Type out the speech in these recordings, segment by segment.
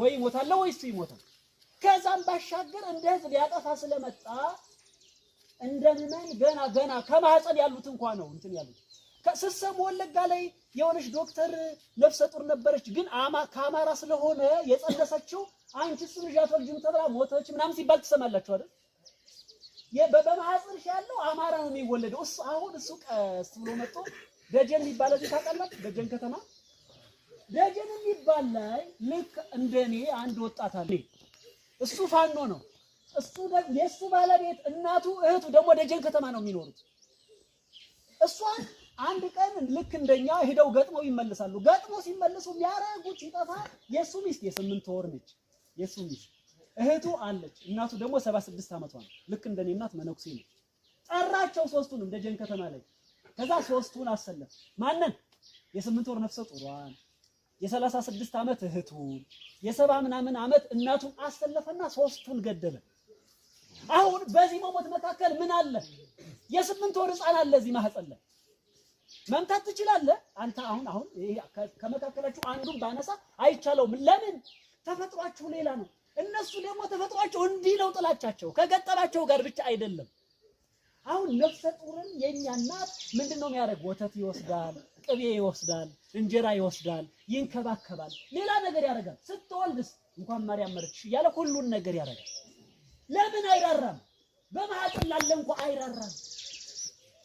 ወይ ይሞታል ወይ እሱ ይሞታል። ከዛም ባሻገር እንደ ህዝብ ሊያጠፋ ስለመጣ እንደ ምመን ገና ገና ከማህፀን ያሉት እንኳን ነው እንትን ያሉት ከስሰም ወለጋ ላይ የሆነች ዶክተር ነፍሰ ጡር ነበረች። ግን አማ ከአማራ ስለሆነ የጸነሰችው አንቺ እሱ ልጅ አትወልጂም ተብላ ሞተች ምናምን ሲባል ትሰማላችሁ አይደል? በማህፀንሽ ያለው አማራ ነው የሚወለደው። እሱ አሁን እሱ ቀስ ብሎ መጥቶ ደጀን የሚባለው ታውቃላችሁ? ደጀን ከተማ ደጀን የሚባል ላይ ልክ እንደኔ አንድ ወጣት አለ። እሱ ፋኖ ነው። እሱ የእሱ ባለቤት እናቱ እህቱ ደግሞ ደጀን ከተማ ነው የሚኖሩት። እሷን አንድ ቀን ልክ እንደኛ ሄደው ገጥመው ይመለሳሉ። ገጥሞ ሲመለሱ የሚያረጉት ሲጠፋ የእሱ ሚስት የስምንት ወር ነች። የእሱ ሚስት እህቱ አለች። እናቱ ደግሞ ሰባ ስድስት ዓመቷ ነው። ልክ እንደኔ እናት መነኩሴ ነው። ጠራቸው ሶስቱንም ደጀን ከተማ ላይ። ከዛ ሶስቱን አሰለፍ ማንን የስምንት ወር ነፍሰ ጡሯን የሰላሳ ስድስት ዓመት እህቱ የሰባ ምናምን ዓመት እናቱን አሰለፈና ሶስቱን ገደለ። አሁን በዚህ መሞት መካከል ምን አለ? የስምንት ወር ህፃን አለ እዚህ ማህፀን ላይ መምታት ትችላለህ አንተ። አሁን አሁን ከመካከላችሁ አንዱን ባነሳ አይቻለውም። ለምን? ተፈጥሯችሁ ሌላ ነው። እነሱ ደግሞ ተፈጥሯቸው እንዲህ ነው። ጥላቻቸው ከገጠራቸው ጋር ብቻ አይደለም። አሁን ነፍሰ ጡርን የኛ እናት ምንድን ነው የሚያደርግ? ወተት ይወስዳል ቅቤ ይወስዳል፣ እንጀራ ይወስዳል፣ ይንከባከባል፣ ሌላ ነገር ያደርጋል። ስትወልድስ እንኳን ማርያም መረችሽ እያለ ሁሉን ነገር ያደርጋል። ለምን አይራራም? በማህፀን ላለ እንኳ አይራራም።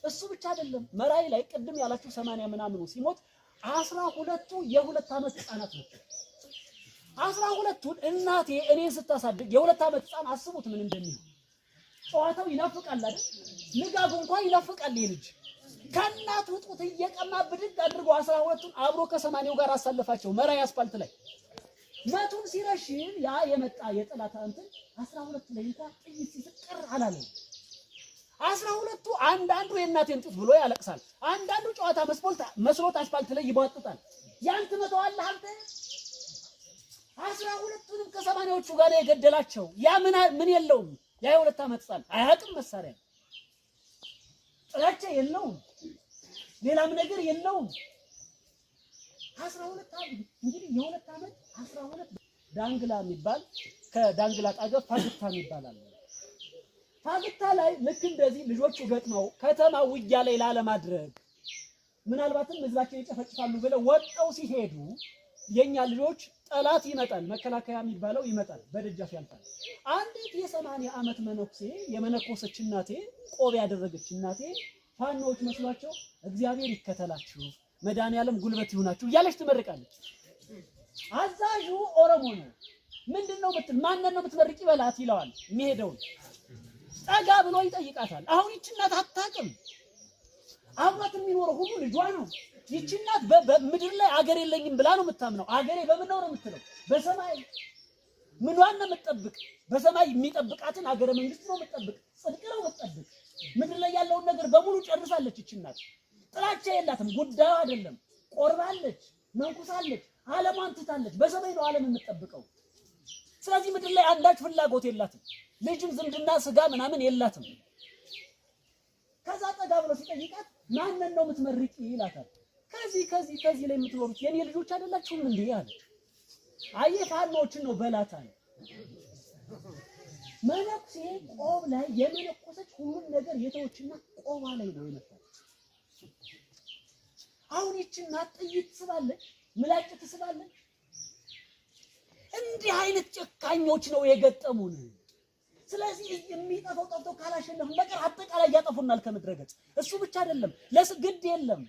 እሱ ብቻ አይደለም። መራይ ላይ ቅድም ያላችሁ ሰማንያ ምናምኑ ሲሞት አስራ ሁለቱ የሁለት ዓመት ህፃናት ነው። አስራ ሁለቱን እናቴ እኔን ስታሳድግ የሁለት ዓመት ህፃን አስቡት ምን እንደሚሆን ጨዋታው ይናፍቃል አይደል? ንጋጉ እንኳን ይናፍቃል የልጅ ከእናቱ ጡት እየቀማ ብድግ አድርጎ አስራ ሁለቱን አብሮ ከሰማኒው ጋር አሳለፋቸው። መራይ አስፋልት ላይ መቱን ሲረሽን ያ የመጣ የጠላት እንትን አስራ ሁለቱ ላይ እንኳን ጥይት ሲስቀር አላለም። አስራ ሁለቱ አንዳንዱ የእናቴን ጡት ብሎ ያለቅሳል። አንዳንዱ ጨዋታ መስሎት አስፋልት ላይ ይቧጥጣል። ያን ትመተዋለህ አንተ። አስራ ሁለቱንም ከሰማንያዎቹ ጋር የገደላቸው ያ ምን ምን የለውም። ያ የሁለት ዓመት ጻል አያውቅም መሳሪያ ጥላቻ የለውም። ሌላም ነገር የለውም። አስራ ሁለት ዓመት እንግዲህ የሁለት ዓመት አስራ ሁለት ዳንግላ የሚባል ከዳንግላ አጠገብ ፋግታ የሚባል አለ። ፋግታ ላይ ልክ እንደዚህ ልጆቹ ገጥመው ከተማ ውጊያ ላይ ላለማድረግ ምናልባትም ህዝባቸውን ይጨፈጭፋሉ ብለው ወጣው ሲሄዱ የኛ ልጆች ጠላት ይመጣል፣ መከላከያ የሚባለው ይመጣል፣ በደጃፍ ያልፋል። አንዲት የሰማንያ ዓመት መነኩሴ የመነኮሰች እናቴ ቆብ ያደረገች እናቴ ፋኖዎች መስሏቸው እግዚአብሔር ይከተላችሁ መድኃኒዓለም ጉልበት ይሁናችሁ እያለች ትመርቃለች። አዛዡ ኦሮሞ ነው። ምንድን ነው የምትል ማንን ነው የምትመርቂ በላት ይለዋል። የሚሄደውን ጠጋ ብሎ ይጠይቃታል። አሁን ይቺ እናት አታውቅም። አብሯት የሚኖረው ሁሉ ልጇ ነው። ይቺ እናት በምድር ላይ አገር የለኝም ብላ ነው የምታምነው። አገሬ በምን ነው የምትለው? በሰማይ ምኗን ነው የምትጠብቅ? በሰማይ የሚጠብቃትን አገረ መንግስት ነው የምትጠብቅ። ጽድቅ ነው የምትጠብቅ ምድር ላይ ያለ ነገር በሙሉ ጨርሳለች። እቺ እናት ጥላቻ የላትም። ጉዳዩ አይደለም። ቆርባለች፣ መንኩሳለች፣ ዓለሟን ትታለች። በሰማይ ነው ዓለም የምትጠብቀው። ስለዚህ ምድር ላይ አንዳች ፍላጎት የላትም። ልጅም፣ ዝምድና፣ ስጋ ምናምን የላትም። ከዛ ጠጋ ብሎ ሲጠይቃት ማንን ነው የምትመርቂ ይላታል። ከዚህ ከዚህ ከዚህ ላይ የምትኖሩት የኔ ልጆች አይደላችሁም እንዴ አለ። አየህ ነው በላታ መነኩሴ ቆብ ላይ የመነኮሰች ሁሉም ነገር የተወችና ቆባ ላይ ነው የመጣች። አሁን ይችና ጥይት ትስባለች፣ ምላጭ ትስባለች። እንዲህ አይነት ጨካኞች ነው የገጠሙን። ስለዚህ የሚጠፋው ጠፍቶ ካላሸነፍን በቀር አጠቃላይ ያጠፉናል ከምድረ ገጽ። እሱ ብቻ አይደለም፣ ለስግድ የለም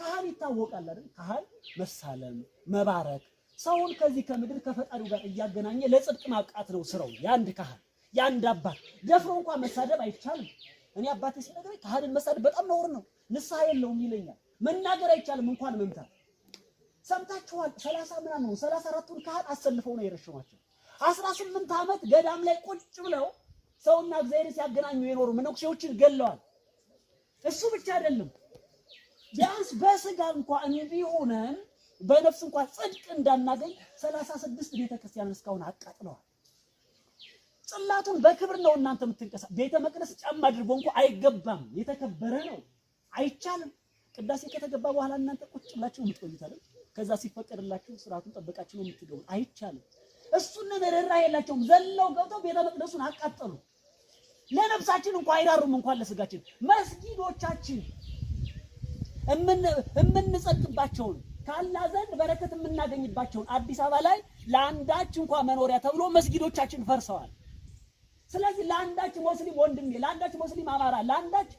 ካህን ይታወቃል አይደል? ካህን መሳለም፣ መባረክ ሰውን ከዚህ ከምድር ከፈጣሪው ጋር እያገናኘ ለጽድቅ ማብቃት ነው ስራው የአንድ ካህን። የአንድ አባት ደፍሮ እንኳን መሳደብ አይቻልም። እኔ አባቴ ሲነግረኝ ከሃዲን መሳደብ በጣም ነውር ነው፣ ንስሐ የለውም ይለኛል። መናገር አይቻልም እንኳን መምታት። ሰምታችኋል? ሰላሳ ምናምን ነው ሰላሳ አራቱን ካህን አሰልፈው ነው የረሸኗቸው። አስራ ስምንት ዓመት ገዳም ላይ ቁጭ ብለው ሰውና እግዚአብሔር ሲያገናኙ የኖሩ መነኩሴዎችን ገለዋል። እሱ ብቻ አይደለም፣ ቢያንስ በስጋ እንኳን እንዲሁ በነፍስ እንኳን ጽድቅ እንዳናገኝ ሰላሳ ስድስት ቤተክርስቲያን እስካሁን አቃጥለዋል። ጽላቱን በክብር ነው እናንተ የምትንቀሳ ቤተ መቅደስ ጫማ አድርጎ እንኳ አይገባም። የተከበረ ነው፣ አይቻልም። ቅዳሴ ከተገባ በኋላ እናንተ ቁጭ ብላችሁ የምትቆዩታለን። ከዛ ሲፈቀድላችሁ ስርዓቱን ጠብቃችሁ ነው የምትገቡ። አይቻልም። እሱን ነገር የላቸውም። ዘለው ገብተው ቤተ መቅደሱን አቃጠሉ። ለነፍሳችን እንኳ አይራሩም፣ እንኳን ለስጋችን። መስጊዶቻችን የምንጸጥባቸውን ካላ ዘንድ በረከት የምናገኝባቸውን አዲስ አበባ ላይ ለአንዳች እንኳ መኖሪያ ተብሎ መስጊዶቻችን ፈርሰዋል። ስለዚህ ለአንዳች ሙስሊም ወንድሜ፣ ለአንዳች ሙስሊም አማራ፣ ለአንዳች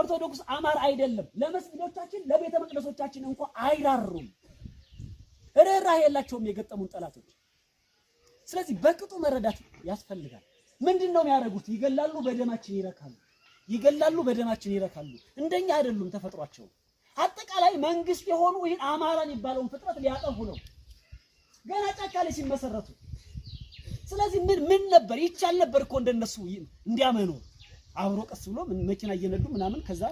ኦርቶዶክስ አማራ አይደለም ለመስጊዶቻችን ለቤተ መቅደሶቻችን እንኳ አይራሩም። ርኅራኄ የላቸውም የገጠሙን ጠላቶች። ስለዚህ በቅጡ መረዳት ያስፈልጋል። ምንድን ነው የሚያደርጉት? ይገላሉ፣ በደማችን ይረካሉ። ይገላሉ፣ በደማችን ይረካሉ። እንደኛ አይደሉም ተፈጥሯቸው። አጠቃላይ መንግስት የሆኑ ይህን አማራ የሚባለውን ፍጥረት ሊያጠፉ ነው ገና ጫካ ላይ ሲመሰረቱ ስለዚህ ምን ምን ነበር ይቻል ነበር እኮ እንደነሱ እንዲያመኑ አብሮ ቀስ ብሎ መኪና እየነዱ ምናምን ከዛ